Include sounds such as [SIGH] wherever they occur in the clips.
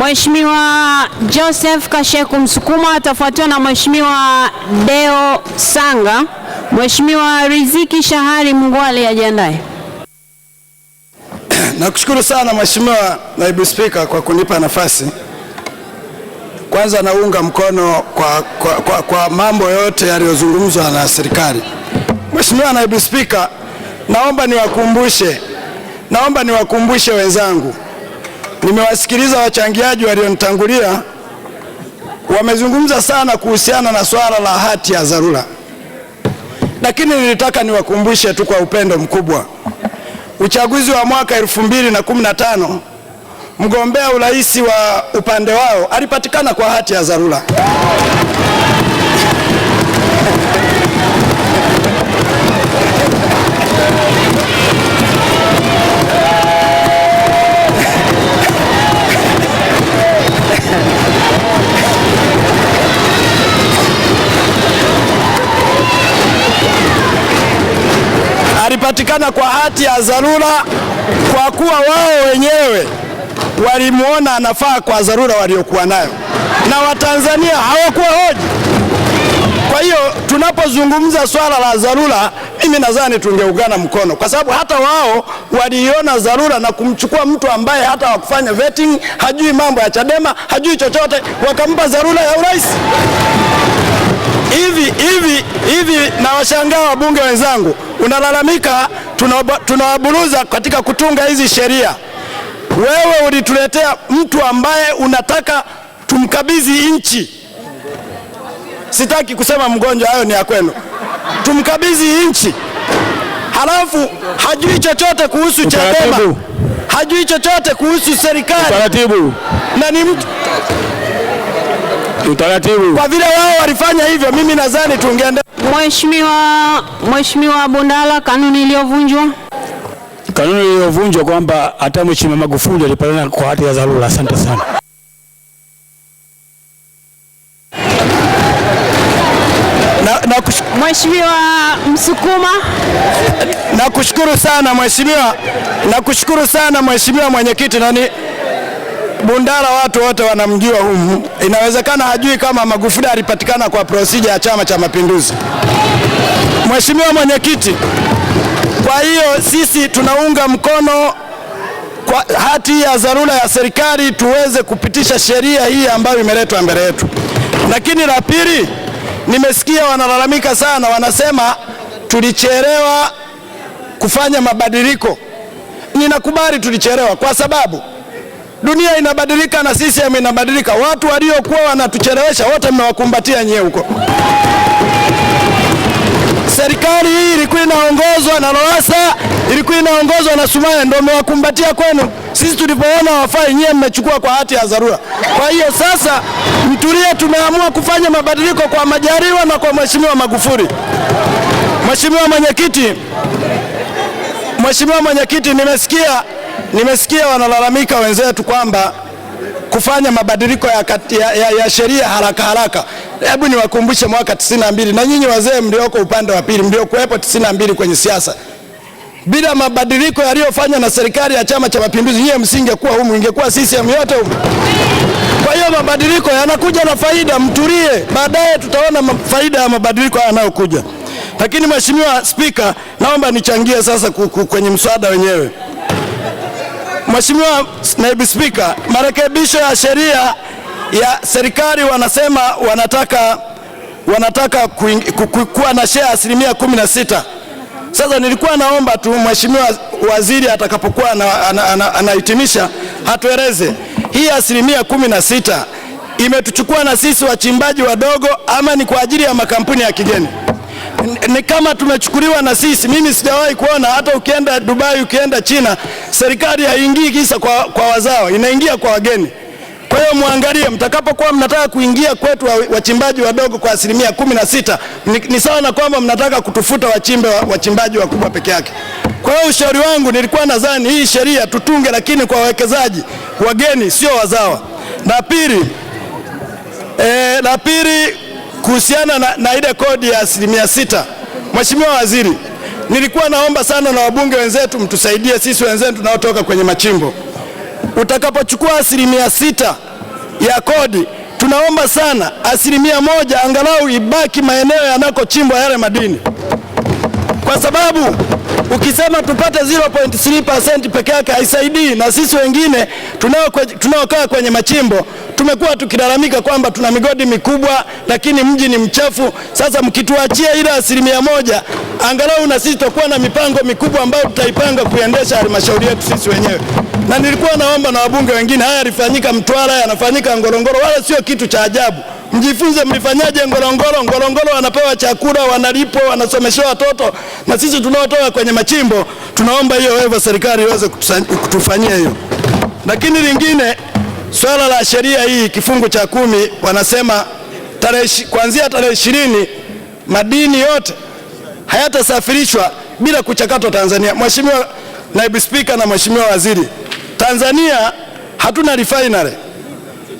Mheshimiwa Joseph Kasheku Msukuma atafuatiwa na Mheshimiwa Deo Sanga. Mheshimiwa Riziki Shahari Mngwale ajiandae. [CLEARS THROAT] Nakushukuru sana Mheshimiwa Naibu Spika kwa kunipa nafasi. Kwanza naunga mkono kwa, kwa, kwa, kwa mambo yote yaliyozungumzwa na serikali. Mheshimiwa Naibu Spika, naomba niwakumbushe, naomba niwakumbushe wenzangu Nimewasikiliza wachangiaji walionitangulia, wamezungumza sana kuhusiana na swala la hati ya dharura, lakini nilitaka niwakumbushe tu kwa upendo mkubwa, uchaguzi wa mwaka elfu mbili na kumi na tano mgombea urais wa upande wao alipatikana kwa hati ya dharura. kupatikana kwa hati ya dharura kwa kuwa wao wenyewe walimwona anafaa kwa dharura waliokuwa nayo, na Watanzania hawakuwa hoji. Kwa hiyo tunapozungumza swala la dharura, mimi nadhani tungeungana mkono, kwa sababu hata wao waliiona dharura na kumchukua mtu ambaye hata wakufanya vetting, hajui mambo ya Chadema, hajui chochote, wakampa dharura ya urais. Nawashangaa wabunge wenzangu, unalalamika tunawaburuza katika kutunga hizi sheria. Wewe ulituletea mtu ambaye unataka tumkabidhi nchi, sitaki kusema mgonjwa, hayo ni ya kwenu, tumkabidhi nchi, halafu hajui chochote kuhusu Chadema, hajui chochote kuhusu serikali na ni mtu utaratibu. Kwa vile wao walifanya hivyo, mimi nadhani tungeende. Mheshimiwa, Mheshimiwa Bundala, kanuni iliyovunjwa kanuni iliyovunjwa kwamba hata Mheshimiwa Magufuli alipatana kwa hati ya dharura. Asante sana. Mheshimiwa Msukuma, nakushukuru sana mheshimiwa, nakushukuru sana mheshimiwa mwenyekiti nani Bundala watu wote wanamjua humu, inawezekana hajui kama Magufuli alipatikana kwa prosija ya Chama cha Mapinduzi. Mheshimiwa Mwenyekiti, kwa hiyo sisi tunaunga mkono kwa hati ya dharura ya serikali tuweze kupitisha sheria hii ambayo imeletwa mbele yetu. Lakini la pili, nimesikia wanalalamika sana, wanasema tulichelewa kufanya mabadiliko. Ninakubali tulichelewa, kwa sababu Dunia inabadilika na CCM inabadilika. Watu waliokuwa wanatuchelewesha wote mmewakumbatia nyewe huko. Serikali hii ilikuwa inaongozwa na Lowassa, ilikuwa inaongozwa na Sumaye, ndio mmewakumbatia kwenu. Sisi tulipoona wafai, nyewe mmechukua kwa hati ya dharura. Kwa hiyo sasa mtulie, tumeamua kufanya mabadiliko kwa Majaliwa na kwa Mheshimiwa Magufuli. Mheshimiwa Mwenyekiti, Mheshimiwa Mwenyekiti, nimesikia Nimesikia wanalalamika wenzetu kwamba kufanya mabadiliko ya, ya, ya, ya sheria haraka haraka. Hebu niwakumbushe mwaka 92 na nyinyi wazee mlioko upande wa pili mliokuwepo 92 kwenye siasa, bila mabadiliko yaliyofanywa na serikali ya Chama cha Mapinduzi nyinyi msingekuwa humu, ingekuwa CCM yote humu. Kwa hiyo mabadiliko yanakuja na faida, mtulie, baadaye tutaona faida ya mabadiliko yanayokuja. Lakini Mheshimiwa Spika, naomba nichangie sasa kwenye mswada wenyewe. Mheshimiwa Naibu Spika, marekebisho ya sheria ya serikali wanasema wanataka, wanataka kuwa na share asilimia kumi na sita. Sasa nilikuwa naomba tu Mheshimiwa Waziri atakapokuwa anahitimisha ana, ana, ana hatueleze hii asilimia kumi na sita imetuchukua na sisi wachimbaji wadogo ama ni kwa ajili ya makampuni ya kigeni? ni kama tumechukuliwa na sisi. Mimi sijawahi kuona hata ukienda Dubai, ukienda China, serikali haingii kisa kwa, kwa wazawa, inaingia kwa wageni. Kwa hiyo mwangalie, mtakapokuwa mnataka kuingia kwetu wachimbaji wadogo kwa asilimia kumi na sita ni, ni sawa na kwamba mnataka kutufuta wachimbe wachimbaji wakubwa peke yake. Kwa hiyo ushauri wangu, nilikuwa nadhani hii sheria tutunge, lakini kwa wawekezaji wageni, sio wazawa. La pili, eh, la pili kuhusiana na, na ile kodi ya asilimia sita, Mheshimiwa Waziri, nilikuwa naomba sana na wabunge wenzetu mtusaidie sisi wenzetu tunaotoka kwenye machimbo. Utakapochukua asilimia sita ya kodi, tunaomba sana asilimia moja angalau ibaki maeneo yanakochimbwa yale madini, kwa sababu Ukisema tupate 0.3% peke yake haisaidii, na sisi wengine tunaokaa kwenye machimbo tumekuwa tukilalamika kwamba tuna migodi mikubwa, lakini mji ni mchafu. Sasa mkituachia ile asilimia moja, angalau na sisi tutakuwa na mipango mikubwa ambayo tutaipanga kuendesha halmashauri yetu sisi wenyewe. Na nilikuwa naomba na wabunge wengine, haya yalifanyika Mtwara, yanafanyika Ngorongoro, wala sio kitu cha ajabu mjifunze mlifanyaje Ngorongoro. Ngorongoro wanapewa chakula, wanalipwa, wanasomeshwa watoto, na sisi tunaotoka kwenye machimbo tunaomba hiyo wevo serikali iweze kutufanyia hiyo. Lakini lingine swala la sheria hii kifungu cha kumi wanasema tarehe, kuanzia tarehe ishirini madini yote hayatasafirishwa bila kuchakatwa Tanzania. Mheshimiwa Naibu Spika na Mheshimiwa Waziri, Tanzania hatuna refinery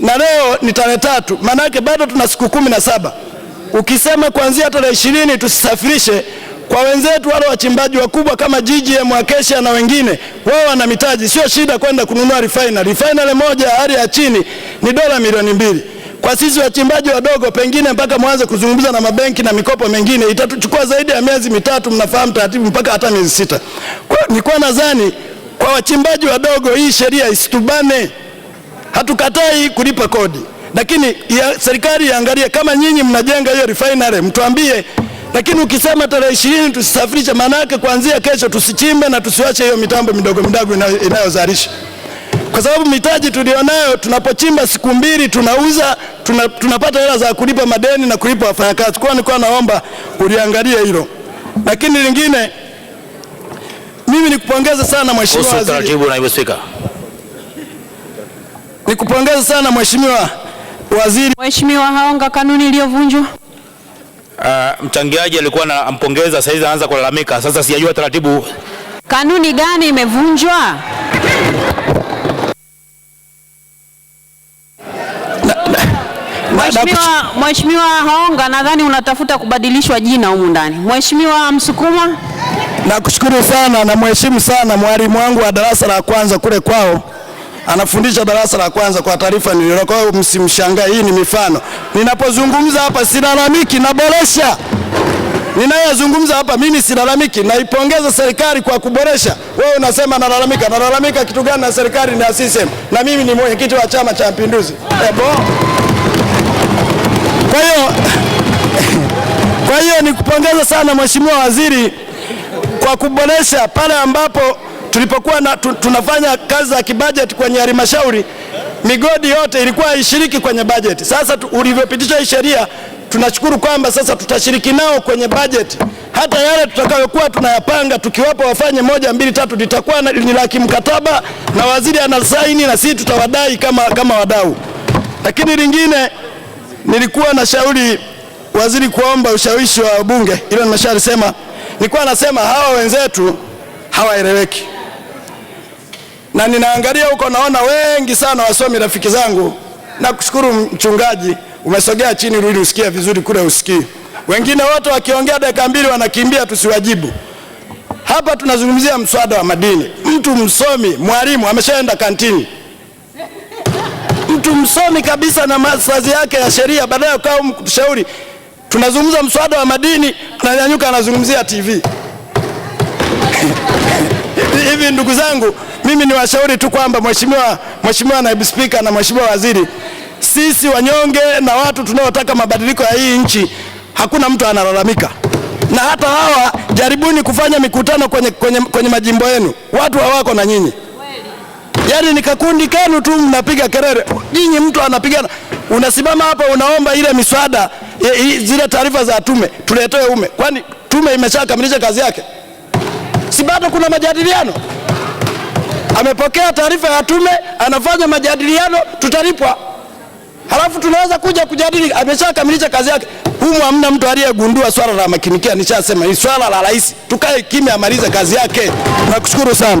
na leo ni tarehe tatu, maana yake bado tuna siku kumi na saba. Ukisema kuanzia tarehe ishirini tusisafirishe kwa wenzetu wale wachimbaji wakubwa kama GGM Acacia na wengine, wao wana mitaji, sio shida kwenda kununua refinery. Refinery moja hali ya chini ni dola milioni mbili. Kwa sisi wachimbaji wadogo, pengine mpaka mwanze kuzungumza na mabenki na mikopo mengine itatuchukua zaidi ya miezi mitatu, mnafahamu taratibu, mpaka hata miezi sita. Kwa nilikuwa nadhani kwa wachimbaji wadogo hii sheria isitubane hatukatai kulipa kodi, lakini serikali iangalie kama nyinyi mnajenga hiyo refinery, mtuambie. Lakini ukisema tarehe ishirini tusisafirishe, maana kuanzia kesho tusichimbe na tusiwache hiyo mitambo midogo midogo inayozalisha kwa sababu mitaji tulionayo, tunapochimba siku mbili tunauza tuna, tunapata hela za kulipa madeni na kulipa wafanyakazi. Kwa nilikuwa naomba uliangalie hilo, lakini lingine, mimi nikupongeza sana mheshimiwa waziri. Naibu Spika. Nikupongeze sana mheshimiwa waziri. Mheshimiwa Haonga, kanuni iliyovunjwa. Uh, mchangiaji alikuwa anampongeza, sasa anaanza kulalamika. Sasa sijajua taratibu, kanuni gani imevunjwa? Mheshimiwa, Mheshimiwa Haonga, nadhani unatafuta kubadilishwa jina humu ndani. Mheshimiwa Msukuma, nakushukuru sana, mheshimu sana mwalimu wangu wa darasa la kwanza kule kwao anafundisha darasa la kwanza, kwa taarifa nilio. Kwa hiyo msimshangae, hii ni mifano. Ninapozungumza hapa silalamiki, naboresha ninayezungumza hapa mimi silalamiki, naipongeza serikali kwa kuboresha. Wewe unasema nalalamika, nalalamika kitu gani? Na serikali ni asisem, na mimi ni mwenyekiti wa Chama cha Mapinduzi. Ebo, kwa hiyo kwa hiyo nikupongeza sana Mheshimiwa Waziri kwa kuboresha pale ambapo tulipokuwa na, tunafanya kazi za kibajeti kwenye halmashauri, migodi yote ilikuwa haishiriki kwenye bajeti. Sasa ulivyopitisha hii sheria, tunashukuru kwamba sasa tutashiriki nao kwenye bajeti. Hata yale tutakayokuwa tunayapanga tukiwapa wafanye moja mbili tatu, litakuwa ni la kimkataba na waziri anasaini, na sisi tutawadai kama, kama wadau. Lakini lingine nilikuwa na shauri waziri kuomba ushawishi wa bunge, hilo nimeshalisema. Nilikuwa nasema hawa wenzetu hawaeleweki na ninaangalia huko, naona wengi sana wasomi, rafiki zangu. Nakushukuru mchungaji, umesogea chini ili usikie vizuri, kule usikii. Wengine wote wakiongea dakika mbili wanakimbia, tusiwajibu. Hapa tunazungumzia mswada wa madini. Mtu msomi, mwalimu, ameshaenda kantini. Mtu msomi kabisa na masters yake ya sheria, baadaye ukaa mshauri, tunazungumza mswada wa madini, ananyanyuka anazungumzia TV [LAUGHS] hivi ndugu zangu mimi ni washauri tu kwamba mheshimiwa, mheshimiwa naibu spika na mheshimiwa waziri, sisi wanyonge na watu tunaotaka mabadiliko ya hii nchi, hakuna mtu analalamika na hata hawa jaribuni kufanya mikutano kwenye, kwenye, kwenye majimbo yenu, watu hawako na nyinyi. Yaani ni kakundi kenu tu mnapiga kelele, nyinyi mtu anapigana, unasimama hapa unaomba ile miswada e, zile taarifa za tume tuletewe ume, kwani tume imeshakamilisha kazi yake? Si bado kuna majadiliano? amepokea taarifa ya tume, anafanya majadiliano, tutalipwa. Halafu tunaweza kuja kujadili. Ameshakamilisha kazi yake. Humu hamna mtu aliyegundua swala la makinikia. Nishasema ni swala la rais, tukae kimya, amalize kazi yake. Nakushukuru sana.